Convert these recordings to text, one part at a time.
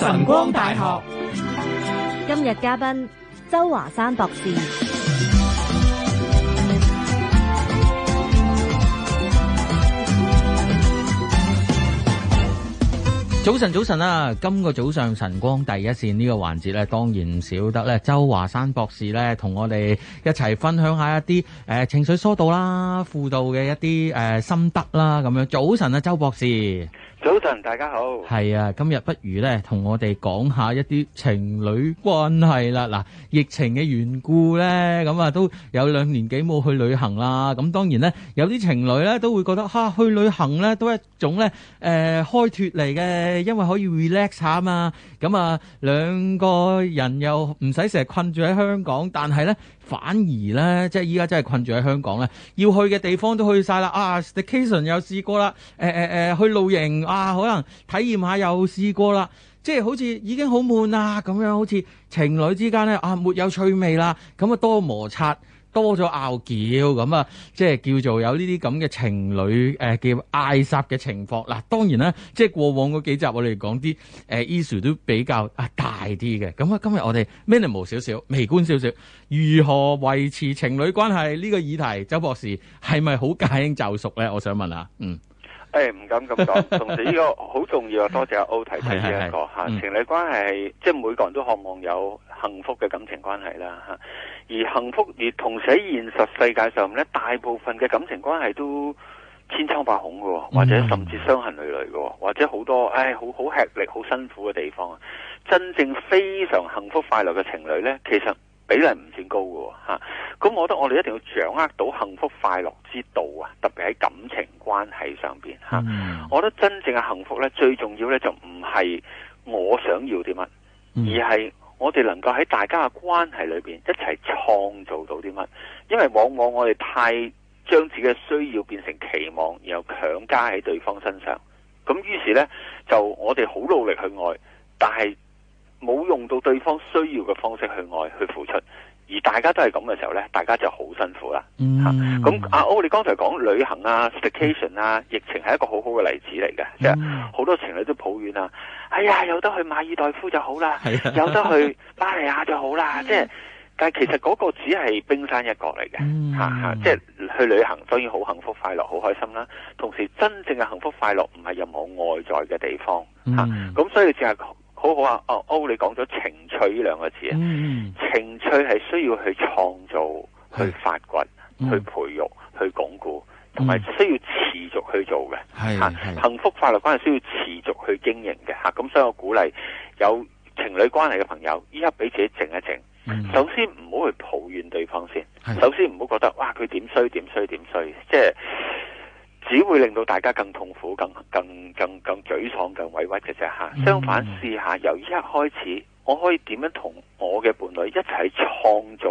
晨光大學今日嘉賓周華山博士。早晨，早晨啊！今個早上晨光第一線，這個環節呢個環節咧，當然唔少得咧。周華山博士咧，同我哋一齊分享一下一啲誒、呃、情緒疏導啦、輔導嘅一啲誒、呃、心得啦，咁樣。早晨啊，周博士。早晨，大家好。係啊，今日不如咧，同我哋講下一啲情侶關係啦。嗱，疫情嘅緣故咧，咁啊，都有兩年幾冇去旅行啦。咁當然咧，有啲情侶咧都會覺得，吓去旅行咧都係一種咧，誒，開脫嚟嘅，因為可以 relax 下啊嘛。咁啊，兩個人又唔使成日困住喺香港，但係咧。反而咧，即係依家真係困住喺香港咧，要去嘅地方都去晒啦啊，staycation 又試過啦，誒誒誒去露營啊，可能體驗下又試過啦，即係好似已經好悶啦咁樣，好似情侶之間咧啊，沒有趣味啦，咁啊多摩擦。多咗拗撬咁啊，即係叫做有呢啲咁嘅情侶誒叫嗌霎嘅情況。嗱，當然啦，即係過往嗰幾集我哋講啲誒 issue 都比較啊大啲嘅。咁啊，今日我哋 minimal 少少，微觀少少，如何維持情侶關係呢個議題，周博士係咪好駕輕就熟咧？我想問下，嗯。誒，唔、 哎、敢咁講。同時呢個好重要啊，多謝阿 O 提提呢一個吓，是是是情侶關係、嗯、即係每個人都渴望有幸福嘅感情關係啦吓。而幸福而同時喺現實世界上咧，大部分嘅感情關係都千瘡百孔嘅，或者甚至傷痕累累嘅，嗯、或者多、哎、好多唉好好吃力、好辛苦嘅地方啊。真正非常幸福快樂嘅情侶咧，其實。比例唔算高嘅吓，咁、啊、我覺得我哋一定要掌握到幸福快樂之道啊，特別喺感情關係上邊吓。啊 mm。我覺得真正嘅幸福咧，最重要咧就唔係我想要啲乜，而係我哋能夠喺大家嘅關係裏邊一齊創造到啲乜。因為往往我哋太將自己嘅需要變成期望，然後強加喺對方身上，咁於是呢，就我哋好努力去愛，但係。冇用到對方需要嘅方式去愛去付出，而大家都係咁嘅時候呢，大家就好辛苦啦。咁阿歐，你剛才講旅行啊，staycation 啊，疫情係一個好好嘅例子嚟嘅，嗯、即係好多情侶都抱怨啊，哎呀，有得去馬爾代夫就好啦，呀有得去巴黎亞就好啦，嗯、即係，但係其實嗰個只係冰山一角嚟嘅、嗯啊、即係去旅行當然好幸福快樂好開心啦，同時真正嘅幸福快樂唔係任何外在嘅地方咁、嗯啊、所以只係。好好啊！哦，O，你講咗情趣呢兩個字啊，嗯、情趣係需要去創造、是去發掘、嗯、去培育、去鞏固，同埋、嗯、需要持續去做嘅。係，啊、幸福法律關係需要持續去經營嘅。吓、啊，咁所以我鼓勵有情侶關係嘅朋友，依家俾自己靜一靜。嗯、首先唔好去抱怨對方先，是首先唔好覺得哇佢點衰點衰點衰，即係。只會令到大家更痛苦、更更更更沮喪、更委屈嘅啫吓。嗯、相反，嗯、試下由一開始，我可以點樣同我嘅伴侶一齊創造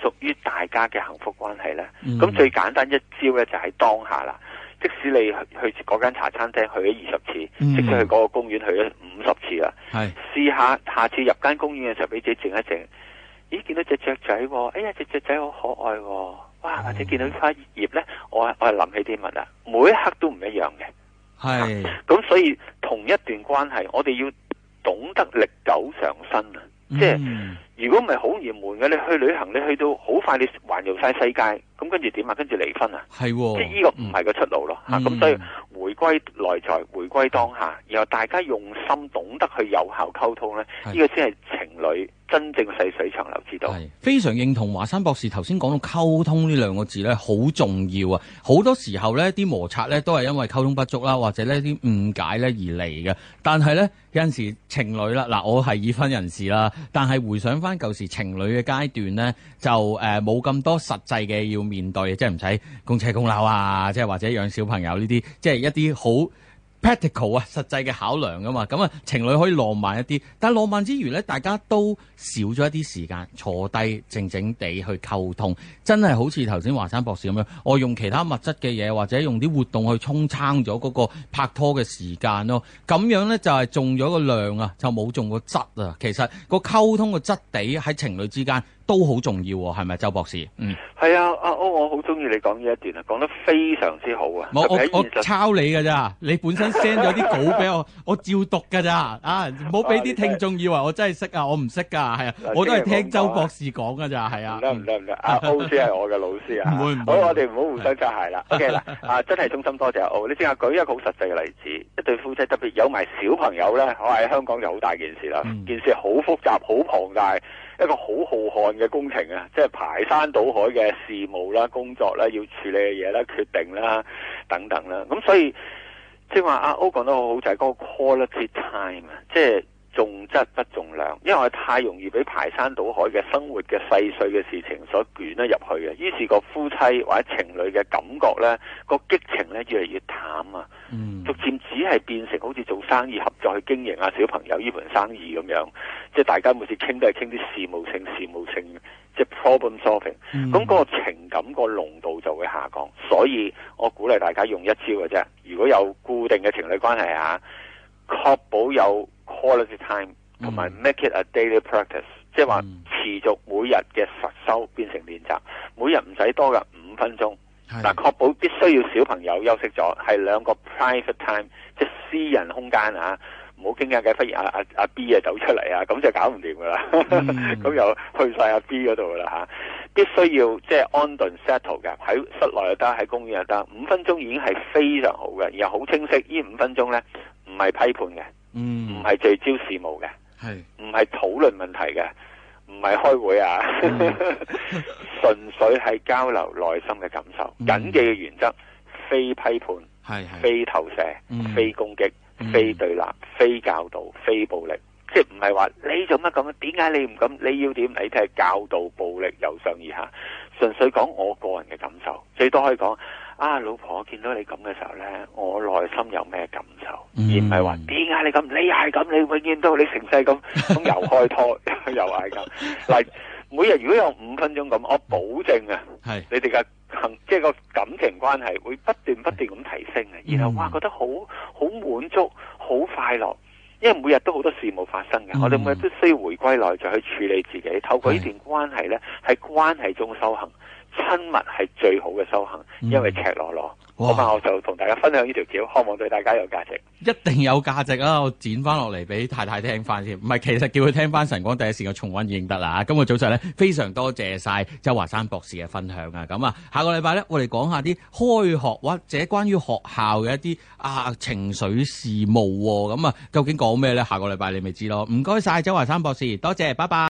屬於大家嘅幸福關係呢？咁、嗯、最簡單一招咧，就喺、是、當下啦。即使你去嗰間茶餐廳去咗二十次，嗯、即使去嗰個公園去咗五十次啦，係是試下下次入間公園嘅時候，俾自己靜一靜。咦，見到隻雀仔，哎呀，隻雀仔好可愛、哦。哇！或者見到花呢塊葉咧，我係我係諗起啲乜啊？每一刻都唔一樣嘅，係咁是、啊、所以同一段關係，我哋要懂得歷久常新啊！嗯、即係如果唔係好熱門嘅，你去旅行，你去到好快，你環遊晒世界，咁跟住點啊？跟住離婚啊？係即係呢個唔係個出路咯吓！咁所以回歸內在，嗯、回歸當下，然後大家用心懂得去有效溝通咧，呢是個先係情侶。真正細水長流之道。非常認同華山博士頭先講到溝通呢兩個字呢，好重要啊！好多時候呢啲摩擦呢，都係因為溝通不足啦，或者呢啲誤解呢而嚟嘅。但係呢，有陣時情侶啦，嗱我係已婚人士啦，但係回想翻舊時情侶嘅階段呢，就誒冇咁多實際嘅要面對，嗯、即係唔使供車供樓啊，即係或者養小朋友呢啲，即係一啲好。practical 啊，實際嘅考量噶嘛，咁啊情侶可以浪漫一啲，但浪漫之餘呢，大家都少咗一啲時間坐低靜靜地去溝通，真係好似頭先華山博士咁樣，我用其他物質嘅嘢或者用啲活動去沖撐咗嗰個拍拖嘅時間咯，咁樣呢，就係中咗個量啊，就冇中個質啊，其實個溝通個質地喺情侶之間。都好重要喎，係咪周博士？嗯，係啊，阿歐，我好中意你講呢一段啊，講得非常之好啊！我我我抄你噶咋？你本身 send 咗啲稿俾我，我照讀噶咋？啊，唔好俾啲聽眾以為我真係識啊，我唔識噶，係啊，我都係聽周博士講噶咋，係啊，唔得，唔得，唔得。阿歐先係我嘅老師啊，唔會好，我哋唔好互相擦鞋啦。OK 啦，啊，真係衷心多謝阿歐。你先下舉一個好實際嘅例子，一對夫妻特別有埋小朋友咧，我喺香港就好大件事啦，件事好複雜，好龐大。一個好浩瀚嘅工程啊，即係排山倒海嘅事務啦、工作啦、要處理嘅嘢啦、決定啦等等啦，咁所以即係話阿歐講得很好好就係、是、嗰個 quality time 啊，即係。重質不重量，因為我太容易俾排山倒海嘅生活嘅細碎嘅事情所捲得入去嘅，於是個夫妻或者情侶嘅感覺呢、呢個激情越嚟越淡啊，逐漸、嗯、只係變成好似做生意合作去經營啊小朋友呢盤生意咁樣，即係大家每次傾都係傾啲事務性事務性，事務性即係 problem solving、嗯。咁個情感個濃度就會下降，所以我鼓勵大家用一招嘅啫。如果有固定嘅情侶關係啊，確保有，All the time，同埋、嗯、make it a daily practice，、嗯、即係話持續每日嘅實修變成練習，嗯、每日唔使多噶五分鐘，嗱確是保必須要小朋友休息咗，係兩個 private time，即係私人空間啊，唔好驚訝嘅，忽然阿阿阿 B 啊走出嚟啊，咁、啊啊啊、就，就搞唔掂噶啦，咁、嗯、 又去晒阿、啊、B 度噶啦吓，必須要即係安頓 settle 嘅喺室內又得，喺公園又得，五分鐘已經係非常好嘅，又好清晰，呢五分鐘咧唔係批判嘅。唔唔係聚焦事務嘅，係唔係討論問題嘅，唔係開會啊，純、嗯、 粹係交流內心嘅感受。謹、嗯、記嘅原則：非批判，係是非投射，嗯、非攻擊，嗯、非對立，非教導，非暴力。嗯、即係唔係話你做乜咁啊？點解你唔咁？你要點？你睇係教導、暴力由上而下，純粹講我個人嘅感受，最多可以講啊，老婆，我見到你咁嘅時候咧，我內心有咩感受，嗯、而唔係話你咁，你又係咁，你永遠都你成世咁，又開拖， 又係咁。嗱，每日如果有五分鐘咁，我保證啊，係你哋嘅行，即係個感情關係會不斷不斷咁提升嘅。然後哇，覺得好好滿足，好快樂，因為每日都好多事務發生嘅。我哋每日都需要回歸內在去處理自己，透過呢段關係咧，喺關係中修行。親密係最好嘅修行，因為赤裸，裸裸。嗯、好嘛，我就同大家分享呢條橋，希望對大家有價值。一定有價值啊！我剪翻落嚟俾太太聽翻先。唔係，其實叫佢聽翻晨光第一線嘅重溫已經得啦、啊。今日早上咧，非常多謝晒周華山博士嘅分享啊！咁啊，下個禮拜咧，我哋講下啲開學或者關於學校嘅一啲啊情緒事務喎、啊。咁啊，究竟講咩咧？下個禮拜你咪知咯。唔該晒，周華山博士，多謝，拜拜。